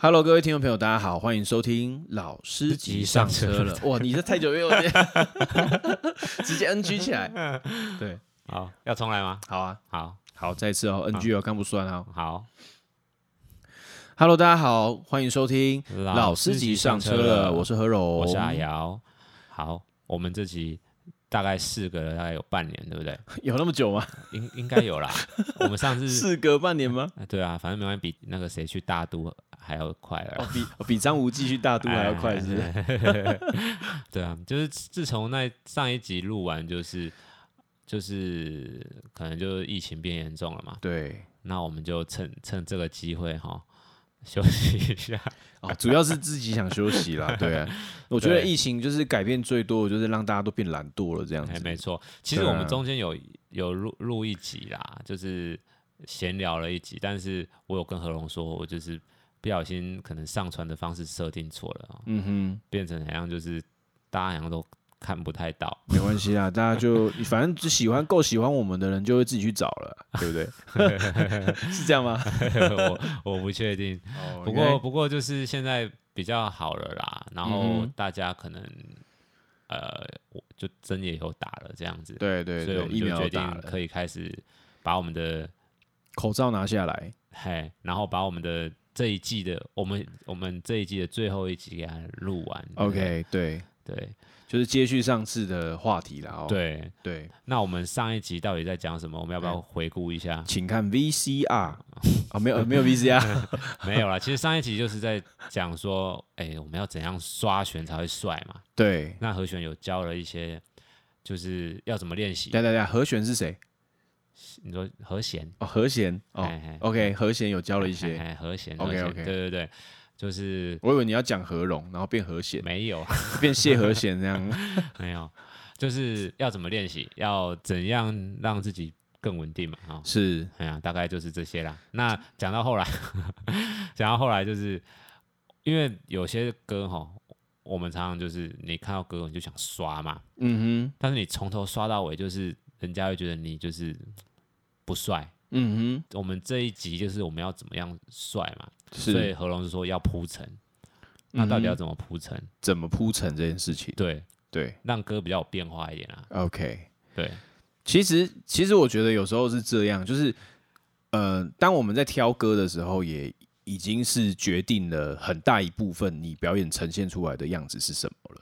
Hello，各位聽眾朋友，大家好，歡迎收聽老司機上車了。車了 哇，你這太久沒有見， 直接 NG 起來。對，好，要重來嗎？好啊，好，好，好再一次哦，NG 哦，剛不算哦。啊。好，Hello，大家好，歡迎收聽老司機上,上,上車了。我是和榮，我是阿瑤。好，我們這集。大概事隔了大概有半年，對不對？有那麼久嗎？應應該有啦。 我們上次 事隔半年嗎、哎？對啊，反正沒關係，比那個誰去大都還要快了、哦，比、哦、比張無忌去大都還要快，哎、是不是？哎哎哎、 對啊，就是自從那上一集錄完，就是就是可能就是疫情變嚴重了嘛。對，那我們就趁趁這個機會哈。休息一下啊、 哦，主要是自己想休息啦。 對啊，我覺得疫情就是改變最多，就是讓大家都變懶惰了這樣子。沒錯，其實我們中間有有錄錄一集啦，就是閒聊了一集，但是我有跟和榮說，我就是不小心可能上傳的方式設定錯了。嗯哼，變成怎樣，就是大家好像都。看不太到，沒關係啦， 大家就反正只喜歡夠喜歡我們的人，就會自己去找了， 對不對？ 是這樣嗎？ 我我不確定。Oh, okay. 不過不過就是現在比較好了啦，然後大家可能、嗯、呃，就真的有打了這樣子。對,對對，所以我們就決定可以開始把我們的口罩拿下來，嘿，然後把我們的這一季的我們我們這一季的最後一集給它錄完對對。OK，對對。就是接續上次的話題了哦，對。對對，那我們上一集到底在講什麼？我們要不要回顧一下？請看 VCR 啊、 哦，沒有沒有 VCR， 沒有啦。其實上一集就是在講說，哎，我們要怎樣刷弦才會帥嘛？對，那和弦有教了一些，就是要怎麼練習。對對對，和弦是誰？你說和弦？哦，和弦哦嘿嘿。OK，和弦有教了一些嘿嘿和，弦和弦。OK，OK 對對對。就是我以為你要講和榮，然後變和弦，沒有變謝和弦那樣， 沒有，就是要怎麼練習，要怎樣讓自己更穩定嘛？哦、是，哎、嗯、呀，大概就是這些啦。那講到後來，講到後來，就是因為有些歌吼、哦，我們常常就是你看到歌你就想刷嘛，嗯哼，但是你從頭刷到尾，就是人家會覺得你就是不帥，嗯哼嗯。我們這一集就是我們要怎麼樣帥嘛？所以和榮是說要鋪陳，那到底要怎麼鋪陳，嗯？怎麼鋪陳這件事情？對對，讓歌比較有變化一點啊。OK，對。其實其實我覺得有時候是這樣，就是呃，當我們在挑歌的時候，也已經是決定了很大一部分你表演呈現出來的樣子是什麼了。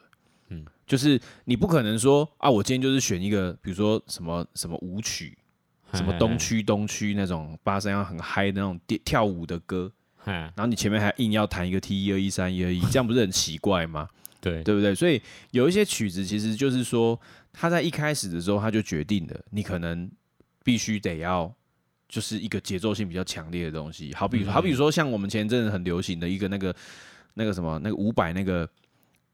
嗯，就是你不可能說啊，我今天就是選一個，比如說什麼什麼舞曲，嘿嘿嘿什麼東區東區那種八三夭很嗨的那種跳舞的歌。 然後你前面還硬要彈一個 T 一二一三一二一，這樣不是很奇怪嗎？對，對不對？所以有一些曲子，其實就是說，它在一開始的時候，它就決定了你可能必須得要，就是一個節奏性比較強烈的東西。好比說，好比說，像我們前陣子很流行的一個那個那個什麼，那個伍佰那個。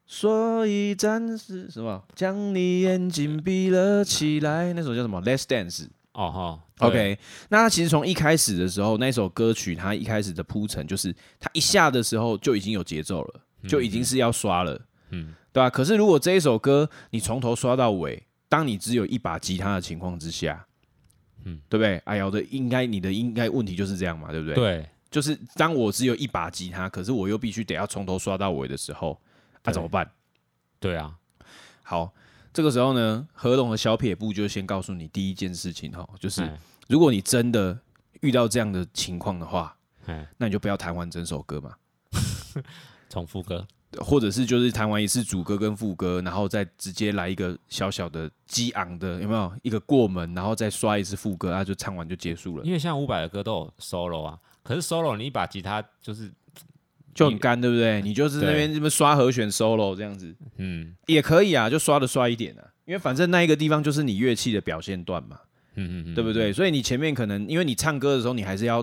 所以暫時什麼，將你眼睛閉了起來，那首叫什麼？Last Dance。哦、oh, 哈、oh, oh、OK、yeah. 那他其實從一開始的時候，那首歌曲他一開始的鋪陳，就是他一下的時候就已經有節奏了，mm -hmm. 就已經是要刷了，嗯、mm -hmm.，對吧、啊？可是如果這一首歌你從頭刷到尾，當你只有一把吉他的情況之下，嗯、mm -hmm.，對不對？哎呀的應該你的應該問題就是這樣嘛，對不對？對、mm -hmm.，就是當我只有一把吉他，可是我又必須得要從頭刷到尾的時候，那、啊、怎麼辦？對啊，好。這個時候呢，和榮的小撇步就先告訴你第一件事情哈、哦，就是如果你真的遇到這樣的情況的話，那你就不要彈完整首歌嘛，重複歌，或者是就是彈完一次主歌跟副歌，然後再直接來一個小小的激昂的，有沒有一個過門，然後再刷一次副歌，他、啊、就唱完就結束了。因為像伍佰的歌都有 solo 啊，可是 solo 你把吉他就是。就很乾，對不對？你，你就是那邊這邊刷和弦 solo 這樣子，嗯，也可以啊，就刷的帥一點啊。因為反正那一個地方就是你樂器的表現段嘛，嗯嗯對不對？所以你前面可能因為你唱歌的時候，你還是要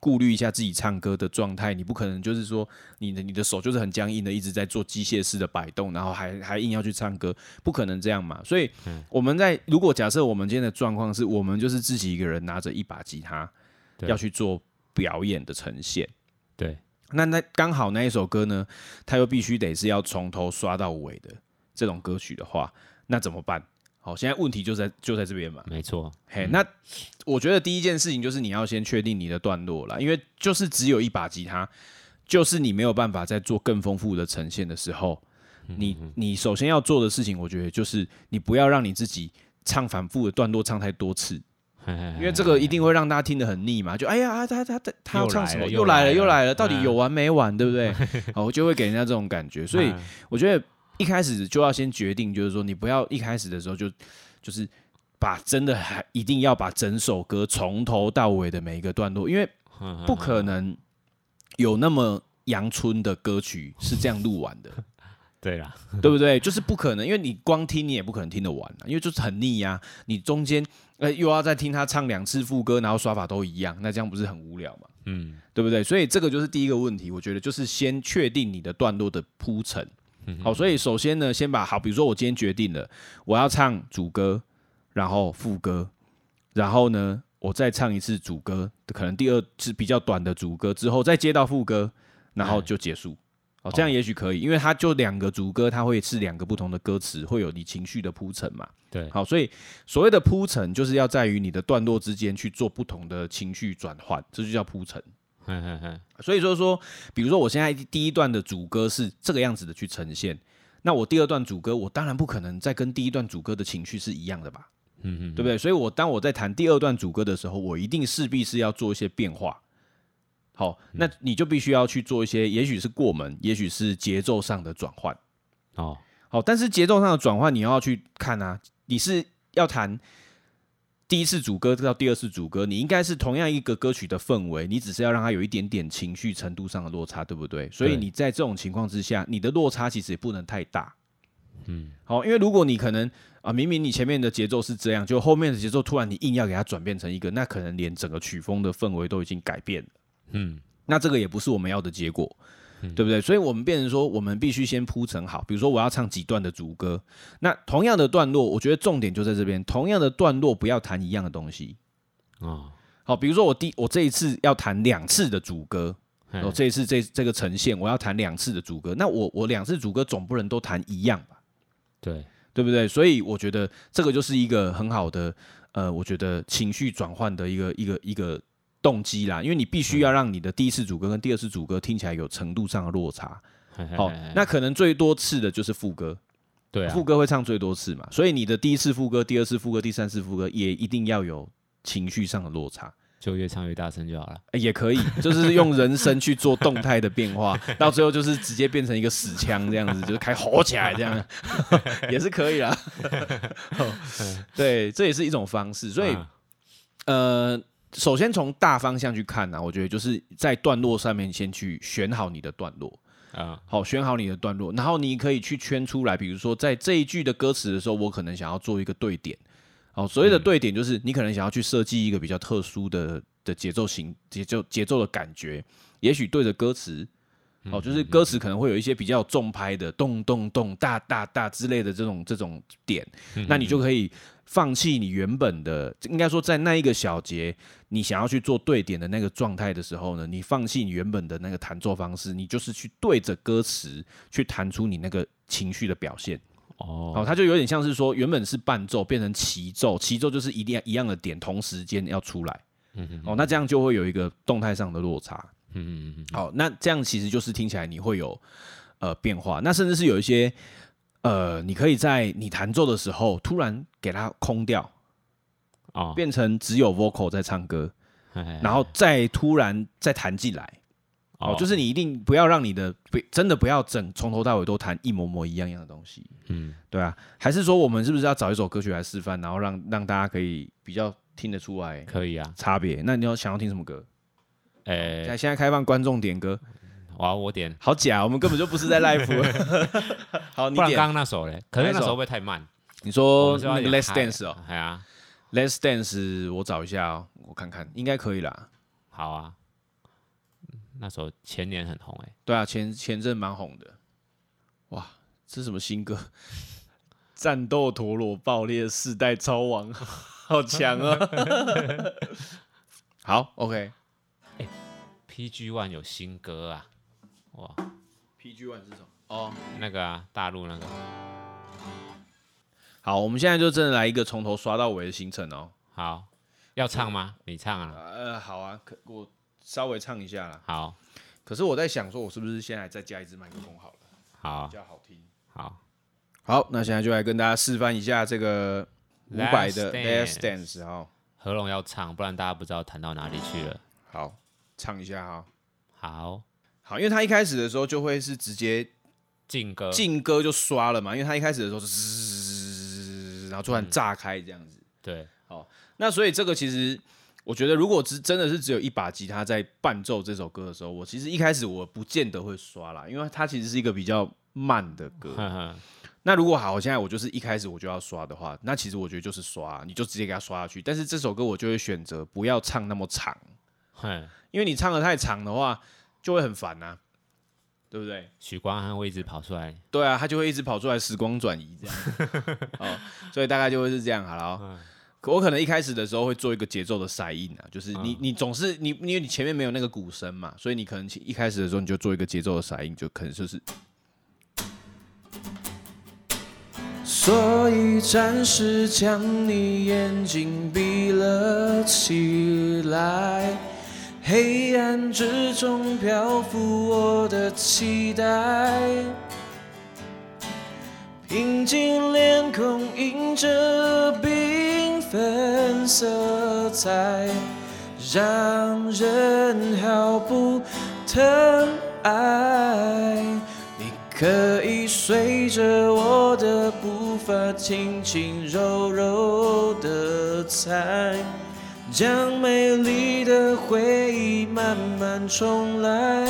顧慮一下自己唱歌的狀態，你不可能就是說你的你的手就是很僵硬的一直在做機械式的擺動，然後還還硬要去唱歌，不可能這樣嘛。所以我們在如果假設我們今天的狀況是我們就是自己一個人拿着一把吉他要去做表演的呈現，對，對。那那剛好那一首歌呢，它又必須得是要從頭刷到尾的這種歌曲的話，那怎麼辦？好，現在問題就在就在這邊嘛。沒錯，嘿、hey, 嗯，那我覺得第一件事情就是你要先確定你的段落了，因為就是只有一把吉他，就是你沒有辦法再做更豐富的呈現的時候，你你首先要做的事情，我覺得就是你不要讓你自己唱反覆的段落唱太多次。因為這個一定會讓大家聽得很膩嘛，就哎呀他他他他要唱什麼？又來了，又來了，又來了又來了，到底有完沒完？ 對不對？好，我就會給人家這種感覺，所以我覺得一開始就要先決定，就是說你不要一開始的時候就就是把真的還一定要把整首歌從頭到尾的每一個段落，因為不可能有那麼陽春的歌曲是這樣錄完的。 對啦，對不對？就是不可能，因為你光聽你也不可能聽得完啊，因為就是很膩呀，啊。你中間呃又要再聽他唱兩次副歌，然後刷法都一樣，那這樣不是很無聊嘛？嗯，對不對？所以這個就是第一個問題，我覺得就是先確定你的段落的鋪陳。嗯，好，所以首先呢，先把好，比如說我今天決定了我要唱主歌，然後副歌，然後呢我再唱一次主歌，可能第二次比較短的主歌之後再接到副歌，然後就結束。嗯哦，這樣也許可以，哦，因為它就兩個主歌，它會是兩個不同的歌詞，會有你情緒的鋪陳嘛。對，好，所以所謂的鋪陳，就是要在於你的段落之間去做不同的情緒轉換，這就叫鋪陳。所以說說，比如說我現在第一段的主歌是這個樣子的去呈現，那我第二段主歌，我當然不可能再跟第一段主歌的情緒是一樣的吧？嗯嗯嗯，對不對？所以我當我在彈第二段主歌的時候，我一定勢必是要做一些變化。好，那你就必須要去做一些，也許是過門，也許是節奏上的轉換。哦，好，但是節奏上的轉換你要去看啊，你是要彈第一次主歌到第二次主歌，你應該是同樣一個歌曲的氛圍，你只是要讓它有一點點情緒程度上的落差，對不對？所以你在這種情況之下，你的落差其實也不能太大。嗯，好，因為如果你可能啊，明明你前面的節奏是這樣，就後面的節奏突然你硬要給它轉變成一個，那可能連整個曲風的氛圍都已經改變了。嗯，那這個也不是我們要的結果，嗯、對不對？所以，我們變成說，我們必須先鋪陳好。比如說，我要唱幾段的主歌，那同樣的段落，我覺得重點就在這邊、嗯。同樣的段落，不要彈一樣的東西啊、哦。好，比如說我第我這一次要彈兩次的主歌、嗯，哦，這一次這這個呈現，我要彈兩次的主歌，那我我兩次主歌總不能都彈一樣吧？對，對不對？所以，我覺得這個就是一個很好的，呃，我覺得情緒轉換的一個一個一個。一個動機啦，因為你必須要讓你的第一次主歌跟第二次主歌聽起來有程度上的落差。 好，那可能最多次的就是副歌，對、啊，副歌會唱最多次嘛。所以你的第一次副歌、第二次副歌、第三次副歌也一定要有情緒上的落差，就越唱越大聲就好了。欸、也可以，就是用人聲去做動態的變化， 到最後就是直接變成一個死腔這樣子， 就是開吼起來這樣， 也是可以啦。 好 對，這也是一種方式。所以，啊、呃。首先從大方向去看呢、啊，我覺得就是在段落上面先去選好你的段落啊，好、uh. 哦、選好你的段落，然後你可以去圈出來，比如說在這一句的歌詞的時候，我可能想要做一個對點哦。所謂的對點就是你可能想要去設計一個比較特殊的的節奏型、節奏節奏的感覺，也許對着歌詞、uh -huh. 哦，就是歌詞可能會有一些比較重拍的咚咚咚、噠噠噠之類的這種這種點，uh -huh. 那你就可以。放棄你原本的，應該說在那一個小節，你想要去做對點的那個狀態的時候呢，你放棄你原本的那個彈奏方式，你就是去對着歌詞去彈出你那個情緒的表現。Oh. 哦，它就有點像是說，原本是伴奏變成齊奏，齊奏就是一定要一樣的點，同時間要出來。嗯嗯，嗯，哦，那這樣就會有一個動態上的落差。嗯嗯嗯，好，那這樣其實就是聽起來你會有呃變化，那甚至是有一些。呃，你可以在你彈奏的時候突然給它空掉，哦，變成只有 vocal 在唱歌嘿嘿嘿，然後再突然再彈進來，哦，哦就是你一定不要讓你的不真的不要整從頭到尾都彈一模模一樣樣的東西，嗯，對啊，還是說，我們是不是要找一首歌曲來示範，然後讓讓大家可以比較聽得出來，可以啊，差別。那你要想要聽什麼歌？哎，欸，現在開放觀眾點歌。哇！我點好假，我們根本就不是在 live。 好，你點剛剛那首嘞？可能那時候會，會太慢。你，那你說那你 Let's、哦啊《Let's Dance》哦，哎啊 Let's Dance》我找一下哦，我看看，應該可以啦。好啊，那首前年很紅誒。對啊，前前陣蠻紅的。哇，這是什麼新歌？ 戰鬥陀螺爆裂，世代超王，好強啊！ 好，OK。PG One 有新歌啊。哇，PG One 是什麼？哦、oh,，那個啊，大陸那個、嗯。好，我們現在就真的來一個從頭刷到尾的行程哦。好，要唱嗎？嗯、你唱啊，啊。呃，好啊，可我稍微唱一下了。好，可是我在想說，我是不是先來再加一支麥克風好了？嗯、好、啊，比較好聽。好，好，那現在就來跟大家示範一下這個伍佰的 Last Dance 哈，和榮、哦、要唱，不然大家不知道彈到哪裡去了。好，唱一下哈、哦。好。好，因為他一開始的時候就會是直接進歌，進歌就刷了嘛。因為他一開始的時候是，然後突然炸開這樣子、嗯。對，好，那所以這個其實我覺得，如果只真的是只有一把吉他在伴奏這首歌的時候，我其實一開始我不見得會刷啦，因為它其實是一個比較慢的歌。呵呵，那如果好，現在我就是一開始我就要刷的話，那其實我覺得就是刷，你就直接給它刷下去。但是這首歌我就會選擇不要唱那麼長，因為你唱得太長的話。就會很煩吶，對不對？許光漢會一直跑出來，對啊，他就會一直跑出來，時光轉移這樣， 哦，所以大概就會是這樣好了、哦。嗯、我可能一開始的時候會做一個節奏的塞音啊，就是你、嗯、你總是你因為你前面沒有那個鼓聲嘛，所以你可能一開始的時候你就做一個節奏的塞音，就可能就是。所以暫時將你眼睛閉了起來。黑暗之中漂浮我的期待，平靜臉孔映着繽紛色彩，讓人毫不疼愛。你可以隨着我的步伐，輕輕柔柔的踩。將美麗的回憶慢慢重來，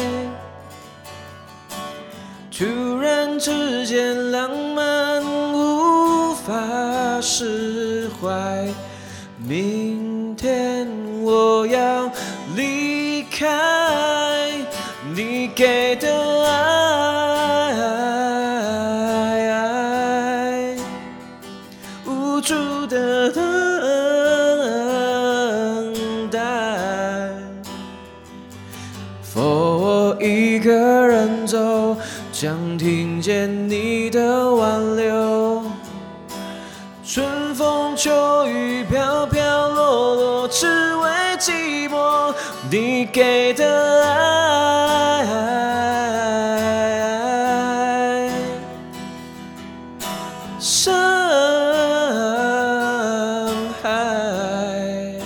突然之間，浪漫無法釋懷。你的挽留，春風秋雨飄飄落落，只為寂寞。你給的愛，深海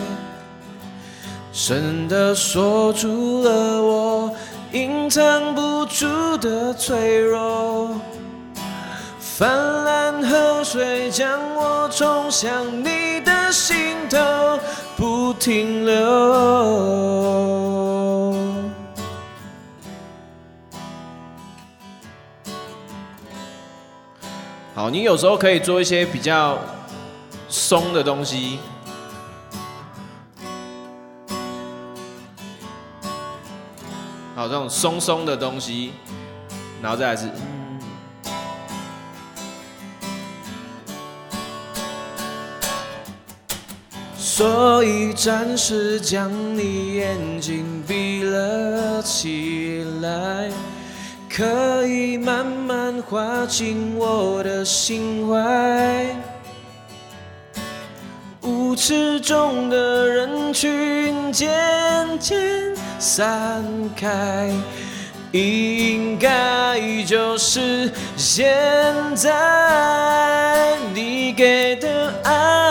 深的鎖住了我隱藏不住的脆弱。氾濫河水將我衝向你的心頭，不停留。好，你有時候可以做一些比較鬆的東西。好，這種鬆鬆的東西，然後再來是。所以暫時將你眼睛閉了起來，可以慢慢滑進我的心懷。舞池中的人群漸漸散開，應該就是現在。你給的愛。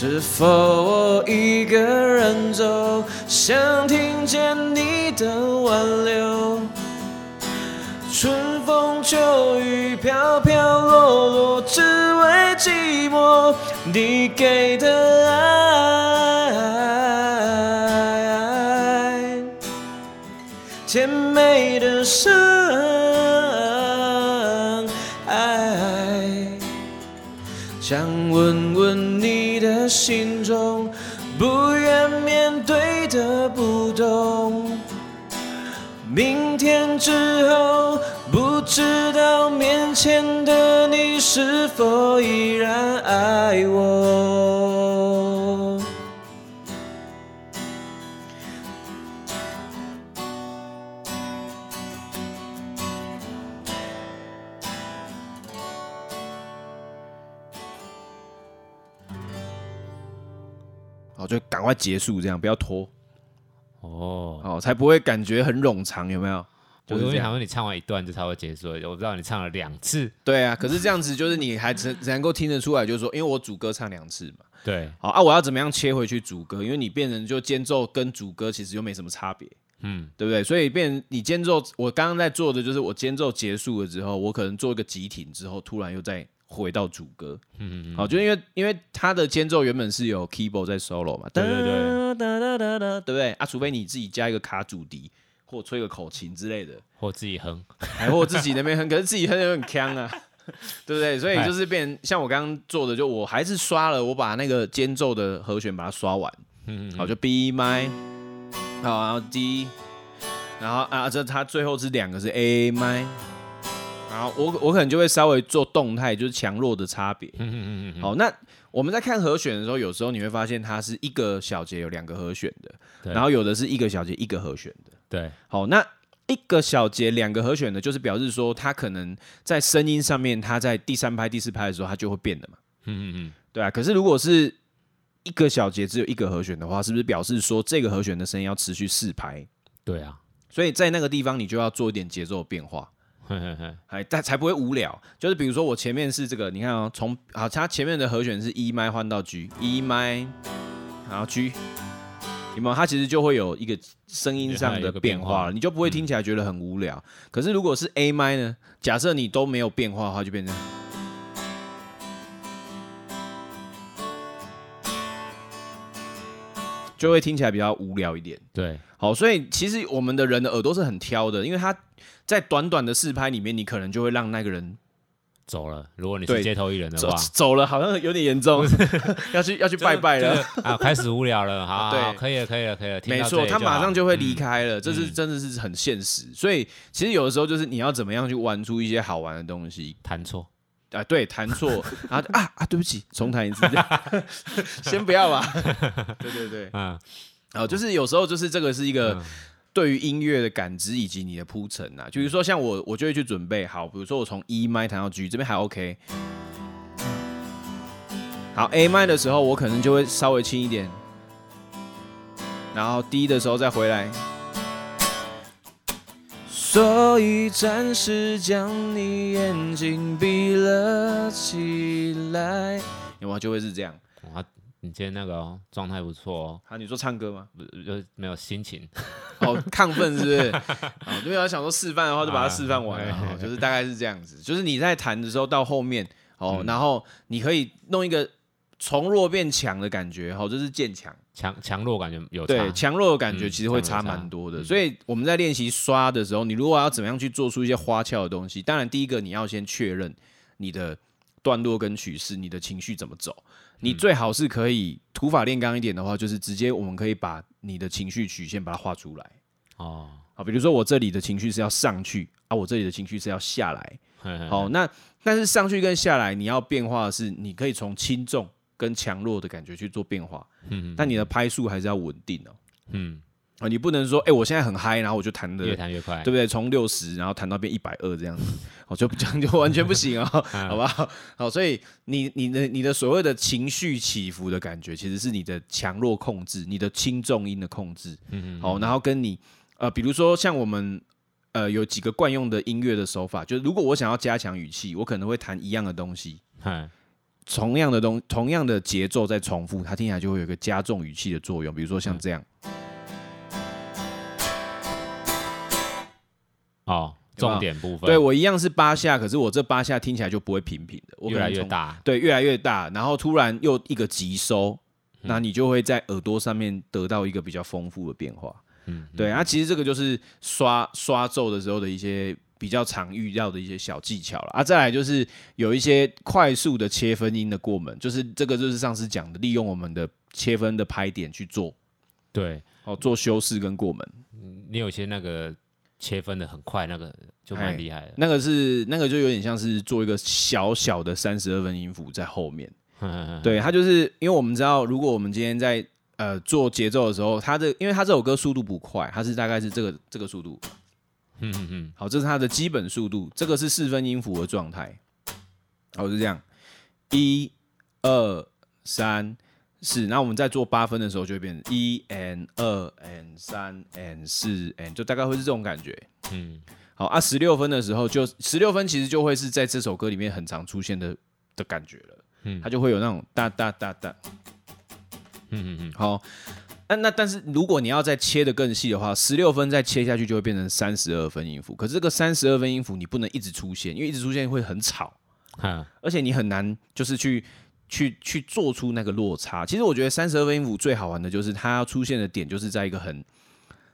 是否我一個人走，想聽見你的挽留？春風秋雨飄飄落落，只為寂寞。你給的愛，甜美的傷。心中不願面對的不懂，明天之後不知道面前的你是否依然愛我。好就趕快結束，這樣不要拖，哦、oh.，才不會感覺很冗長，有沒有？就是、我以為想說你唱完一段就差不多結束了，我不知道你唱了兩次，對啊，可是這樣子就是你還能 只能夠聽得出來，就是說因為我主歌唱兩次嘛，對，好啊，我要怎麼樣切回去主歌？因為你變成就間奏跟主歌其實又沒什麼差別，嗯，對不對？所以變成你間奏，我剛剛在做的就是我間奏結束了之後，我可能做一個急停之後，突然又在。回到主歌，嗯嗯嗯，好，就因為因為它的間奏原本是有 keyboard 在 solo 嘛，對對對，對不對啊？除非你自己加一個卡祖笛，或吹個口琴之類的，或自己哼，還或自己那邊哼， 可是自己哼有點嗆啊， 對不對？所以就是變像我剛剛做的，就我還是刷了，我把那個間奏的和弦把它刷完，嗯嗯，好，就 B m 麥，好，然後 D，然後啊，這它最後是兩個是 A A 麥。然後，我我可能就會稍微做動態，就是強弱的差別。嗯嗯嗯嗯。好，那我們在看和弦的時候，有時候你會發現它是一個小節有兩個和弦的，然後有的是一個小節一個和弦的。對。好，那一個小節兩個和弦的，就是表示說它可能在聲音上面，它在第三拍、第四拍的時候它就會變的嘛。嗯嗯嗯。對啊。可是如果是一個小節只有一個和弦的話，是不是表示說這個和弦的聲音要持續四拍？對啊。所以在那個地方你就要做一點節奏變化。還， 但才不會無聊。就是比如說，我前面是這個，你看哦、喔，從，好，它前面的和弦是 E 麥換到 G，E 麥，然後 G，有沒有？它其實就會有一個聲音上的變化了，欸，你就不會聽起來覺得很無聊。嗯、可是如果是 A 麥呢？假設你都沒有變化的話，就變成。就會聽起來比較無聊一點。對，好，所以其實我們的人的耳朵是很挑的，因為他在短短的四拍裡面，你可能就會讓那個人走了。如果你是街頭藝人的話，走，走了好像有點嚴重， 要去要去拜拜了啊，開始無聊了。好，好，好， 對，可以了，可以了，可以了。聽沒錯，他馬上就會離開了，嗯，這是真的是很現實。所以其實有的時候就是你要怎麼樣去玩出一些好玩的東西，彈錯。啊，對，彈錯， 啊啊，對不起，重彈一次， 先不要吧。 對對對，啊，然、哦、後就是有時候就是這個是一個對於音樂的感知以及你的鋪陳啊，就、嗯、比如說像我，我就會去準備好，比如說我從 E 麥彈到 G 這邊還 OK，好 A 麥的時候我可能就會稍微輕一點，然後 D 的時候再回來。所以暫時將你眼睛閉了起來。因為就會是這樣？啊，你今天那個哦、狀態不錯哦。啊，你說唱歌嗎？不，就沒有心情。哦，亢奮是不是？啊、 哦，因為要想說示範的話，就把它示範完了。啊、就是大概是這樣子，對對對，就是你在彈的時候到後面哦、嗯，然後你可以弄一個。從弱變強的感覺，好，這就是漸強。強強弱感覺有差，對。強弱的感覺其實會差蠻多的，嗯。所以我們在練習刷的時候，你如果要怎麼樣去做出一些花俏的東西，當然第一個你要先確認你的段落跟曲式，你的情緒怎麼走，嗯。你最好是可以土法煉鋼一點的話，就是直接我們可以把你的情緒曲線把它畫出來哦。好，比如說我這裡的情緒是要上去啊，我這裡的情緒是要下來。嘿嘿好，那但是上去跟下來你要變化的是，你可以從輕重。跟強弱的感覺去做變化，嗯、但你的拍數還是要穩定哦、喔。嗯，啊，你不能說，哎、欸，我現在很嗨，然後我就彈得越彈越快，對不對？從六十，然後彈到變一百二這樣子，我 就這樣就完全不行哦、喔。 好不好？好，所以你你的你的所謂的情緒起伏的感覺，其實是你的強弱控制，你的輕重音的控制，嗯，嗯好，然後跟你呃，比如說像我們呃有幾個慣用的音樂的手法，就是如果我想要加強語氣，我可能會彈一樣的東西，嗯同樣的東，同樣的節奏在重複，它聽起來就會有一個加重語氣的作用。比如說像這樣，哦、嗯，重點部分，對，我一樣是八下，可是我這八下聽起來就不會平平的，我越來越大，對，越來越大，然後突然又一個急收，那你就會在耳朵上面得到一個比較豐富的變化。嗯，嗯，對，那其實這個就是刷刷奏的時候的一些。比較常遇到的一些小技巧了啊，再來就是有一些快速的切分音的過門，就是這個就是上次講的，利用我們的切分的拍點去做，對，哦，做修飾跟過門。你有些那個切分的很快，那個就蠻厲害的，哎，那個是那個就有點像是做一個小小的三十二分音符在後面，呵呵呵，對，它就是因為我們知道，如果我們今天在呃做節奏的時候，它這因為它這首歌速度不快，它是大概是這個這個速度。嗯嗯嗯，好，這是它的基本速度，這個是四分音符的狀態，好，是這樣，一、二、三、四，那我們在做八分的時候就會變成一 and 二 and 三 and 四 and 就大概會是這種感覺，嗯，好，啊，十六分的時候就十六分，其實就會是在這首歌裡面很常出現的的感覺了，嗯，它就會有那種噠噠噠噠，嗯嗯嗯，好。啊、那那，但是如果你要再切得更細的話，十六分再切下去就會變成三十二分音符。可是這個三十二分音符你不能一直出現，因為一直出現會很吵。啊、嗯，而且你很難就是去去去做出那個落差。其實我覺得三十二分音符最好玩的就是它出現的點，就是在一個很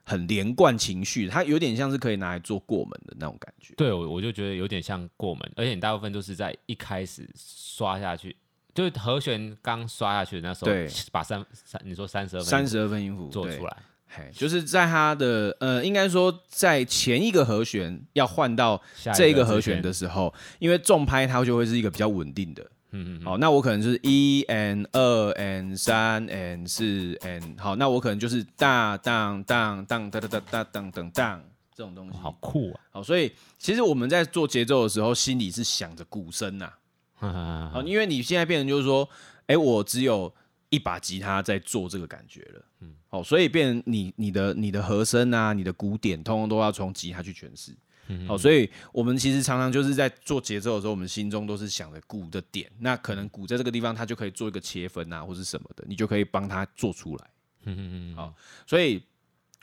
很連貫情緒，它有點像是可以拿來做過門的那種感覺。對，我我就覺得有點像過門，而且你大部分都是在一開始刷下去。就是和弦剛刷下去的那時候對，把三三你說三十二分音符做出來，嘿就是在它的呃，應該說在前一個和弦要換到這個和弦的時候，因為重拍它就會是一個比較穩定的，嗯嗯。好、嗯，那我可能就是一 n 二 n 三 n 四 n 好，那我可能就是大當當當當當當當當當這種東西，好酷啊！好，所以其實我們在做節奏的時候，心裡是想着鼓聲吶、啊。啊，因為你現在變成就是說，哎、欸，我只有一把吉他在做這個感覺了，嗯，所以變成你、你的、你的和聲啊，你的鼓點，通通都要從吉他去詮釋，嗯，所以我們其實常常就是在做節奏的時候，我們心中都是想着鼓的點，那可能鼓在這個地方，它就可以做一個切分啊，或是什麼的，你就可以幫他做出來，嗯嗯嗯，哦。所以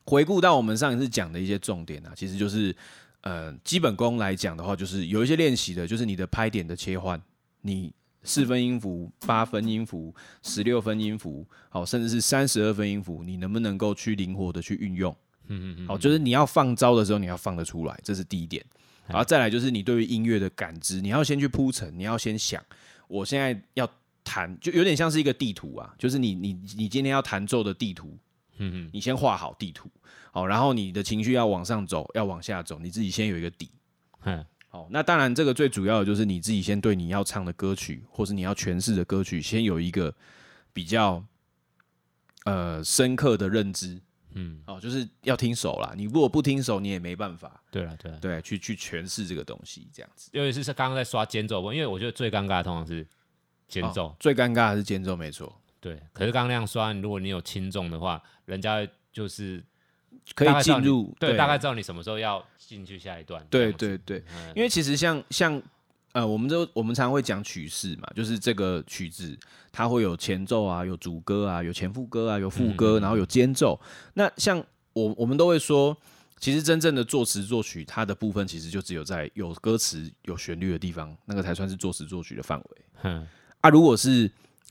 回顧到我們上一次講的一些重點啊，其實就是，呃，基本功來講的話，就是有一些練習的，就是你的拍點的切換。你四分音符、八分音符、十六分音符，好，甚至是三十二分音符，你能不能夠去靈活的去運用？嗯哼嗯嗯。好，就是你要放招的時候，你要放得出來，這是第一點。然後再來就是你對於音樂的感知，你要先去鋪陳，你要先想，我現在要彈，就有點像是一個地圖啊，就是你你你今天要彈奏的地圖，嗯嗯，你先畫好地圖，好，然後你的情緒要往上走，要往下走，你自己先有一個底，嗯。好、哦，那當然，這個最主要的就是你自己先對你要唱的歌曲，或是你要詮釋的歌曲，先有一個比較呃深刻的認知。嗯，哦，就是要聽手啦。你如果不聽手，你也沒辦法。對啊，對啊，對，去去詮釋這個東西，這樣子。尤其是是剛剛在刷間奏，因為我覺得最尷尬的通常是間奏，哦、最尷尬的是間奏，沒錯。對，可是剛剛那樣刷，如果你有輕重的話，人家就是。可以進入對、對，對，大概知道你什麼時候要進去下一段。對對對、嗯，因為其實像像呃，我們都我們常常會講曲式嘛，就是這個曲子它會有前奏啊，有主歌啊，有前副歌啊，有副歌，嗯、然後有間奏、嗯。那像我我們都會說，其實真正的作詞作曲，它的部分其實就只有在有歌詞有旋律的地方，那個才算是作詞作曲的範圍。嗯，啊，如果是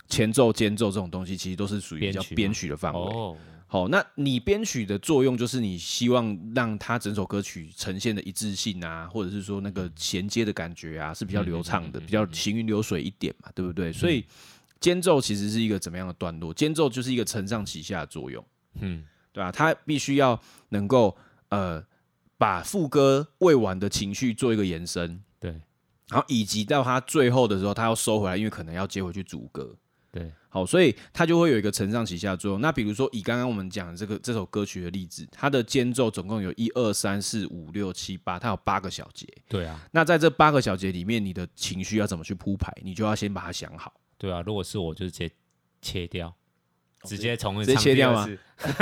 前奏間奏這種東西，其實都是屬於比較編曲的範圍。好，那你編曲的作用就是你希望讓它整首歌曲呈現的一致性啊，或者是說那個銜接的感覺啊，是比較流暢的，嗯嗯嗯嗯嗯嗯嗯，比較行雲流水一點嘛，對不對？嗯嗯，所以間奏其實是一個怎麼樣的段落？間奏就是一個承上啟下的作用，嗯，對吧、啊？它必須要能夠呃把副歌未完的情緒做一個延伸，對，然後以及到它最後的時候，它要收回來，因為可能要接回去主歌。好，所以它就會有一個承上啟下作用。那比如說以剛剛我們講的這個這首歌曲的例子，它的間奏總共有一二三四五六七八，它有八個小節。對啊。那在這八個小節裡面，你的情緒要怎麼去鋪排，你就要先把它想好。對啊。如果是我，就直接切掉，哦、直接從直接切掉嗎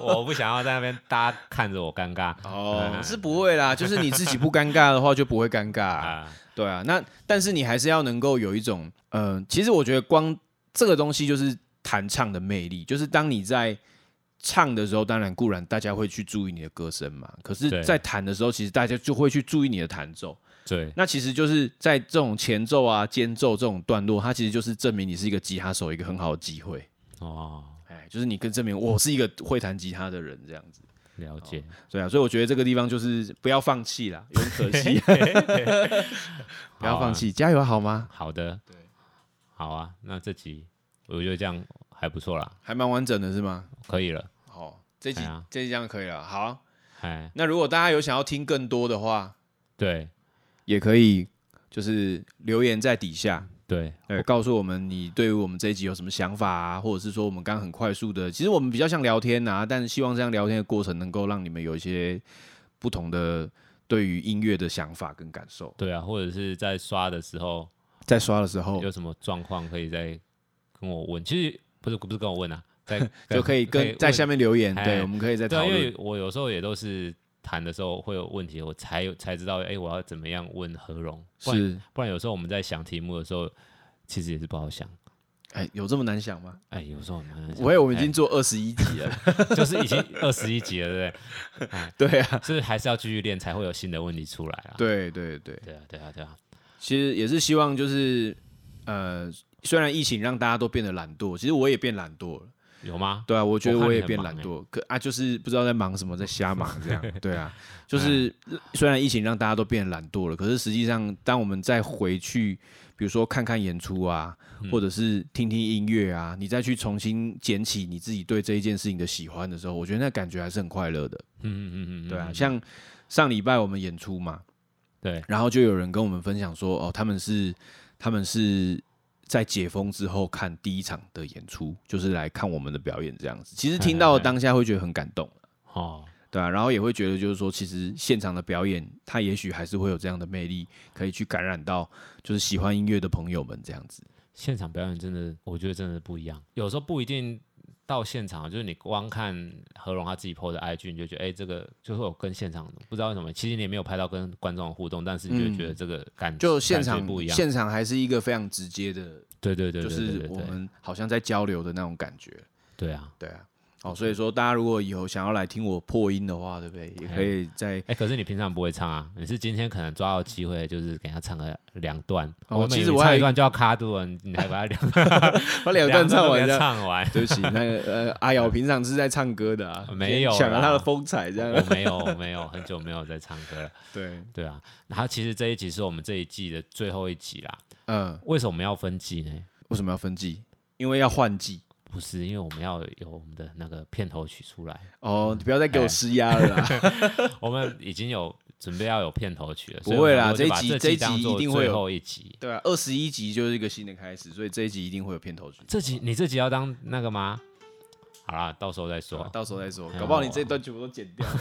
我不想要在那邊大家看着我尷尬。哦、oh, 嗯啊，是不會啦，就是你自己不尷尬的話，就不會尷尬，啊啊。對啊。那但是你還是要能夠有一種，嗯、呃，其實我覺得光。這個東西就是彈唱的魅力，就是當你在唱的時候，當然固然大家會去注意你的歌聲嘛，可是，在彈的時候，其實大家就會去注意你的彈奏。對，那其實就是在這種前奏啊、間奏這種段落，它其實就是證明你是一個吉他手，一個很好的機會哦。哎，就是你更證明我是一個會彈吉他的人這樣子。了解、哦。對啊，所以我覺得這個地方就是不要放棄啦，很可惜、 啊。不要放棄，加油、啊、好嗎？好的。對。好啊，那這集我覺得這樣還不錯啦，還蠻完整的是嗎？可以了。好、哦，這一集、哎、這一集這樣可以了。好，哎，那如果大家有想要聽更多的話，對，也可以就是留言在底下，對，欸、告訴我們你對於我們這一集有什麼想法啊，或者是說我們剛剛很快速的，其實我們比較像聊天啊，但是希望這樣聊天的過程能夠讓你們有一些不同的對於音樂的想法跟感受。對啊，或者是在刷的時候。在刷的時候有什麼狀況可以再跟我問？其實不是不是跟我問啊，在 就可以跟可以在下面留言，哎。對，我們可以再討論。對，我有時候也都是談的時候會有問題，我才才知道哎，我要怎麼樣問何榮？是，不然有時候我們在想題目的時候，其實也是不好想。哎，哎，有這麼難想嗎？哎，有時候我很難想。我以為，我們已經做二十一集了，哎、 就是已經二十一集了，對不對？哎、對啊，就是還是要繼續練，才會有新的問題出來啊。對對對，對啊對啊對啊。對啊對啊其實也是希望，就是，呃，雖然疫情讓大家都變得懶惰，其實我也變懶惰了，有嗎？對啊，我覺得我也變懶惰、欸，可啊，就是不知道在忙什麼，在瞎忙這樣， 對啊，就是、嗯、雖然疫情讓大家都變得懶惰了，可是實際上，當我們再回去，比如說看看演出啊，嗯、或者是聽聽音樂啊，你再去重新撿起你自己對這一件事情的喜歡的時候，我覺得那感覺還是很快樂的，嗯嗯嗯嗯，對啊，嗯、像上禮拜我們演出嘛。對，然後就有人跟我們分享說，哦，他們是他們是在解封之後看第一場的演出，就是來看我們的表演這樣子。其實聽到當下會覺得很感動哦，對啊，然後也會覺得就是說，其實現場的表演，他也許還是會有這樣的魅力，可以去感染到就是喜歡音樂的朋友們這樣子。現場表演真的，我覺得真的不一樣，有時候不一定。到現場就是你光看和榮他自己 PO 的 IG，你就覺得哎、欸，這個就是我跟現場不知道為什麼，其實你也沒有拍到跟觀眾互動，但是你就覺得這個感覺、嗯，就現場不一樣，現場還是一個非常直接的，對對對，對，對，對對對，就是我們好像在交流的那種感覺，對啊，對啊。哦，所以說大家如果以後想要來聽我破音的話，對不對？也可以在哎、欸欸。可是你平常不會唱啊，你是今天可能抓到機會，就是給他唱個兩段。哦、其實我還唱一段就要卡住了，你還把它兩 把兩段唱完，唱完。 對不起，那個呃阿榮、啊、平常是在唱歌的，啊？沒有、啊，想到他的風采這樣、啊。沒有沒有，很久沒有在唱歌了。 對對啊，然後其實這一集是我們這一季的最後一集啦。嗯，為什麼要分季呢？為什麼要分季？因為要換季。不是，因為我們要有我們的那個片頭曲出來哦。Oh, 你不要再給我施壓了啦，欸、 我們已經有準備要有片頭曲了。不會啦，這,這一集,一集這一集一定會有最後一集。對啊，二十一集就是一個新的開始，所以這一集一定會有片頭曲。這集、哦、你這集要當那個嗎？好啦，到時候再說、啊，到時候再說，搞不好你這一段全部都剪掉。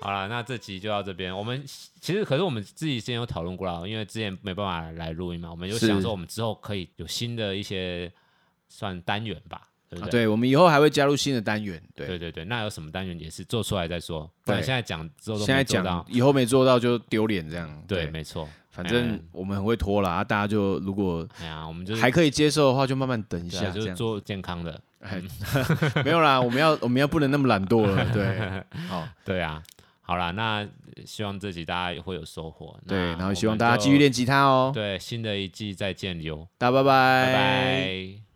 好了，那這集就到這邊。我們其實可是我們自己之前有討論過了，因為之前沒辦法來錄音嘛，我們有想說我們之後可以有新的一些算單元吧，對不對？啊、對，我們以後還會加入新的單元。對對對對，那有什麼單元也是做出來再說，不然現在講之後都現在講到以後沒做到就丟臉這樣。對，對沒錯，反正我們很會拖了、嗯、啊，大家就如果哎呀、啊，我們就是、還可以接受的話，就慢慢等一下對、啊，就是做健康的。嗯、 沒有啦，我們要我們要不能那麼懶惰了，對，好、 oh,，對啊。好啦，那希望這集大家也會有收穫。對，然後希望大家繼續練吉他哦。對，新的一季再見喲，喲大家拜拜，拜拜。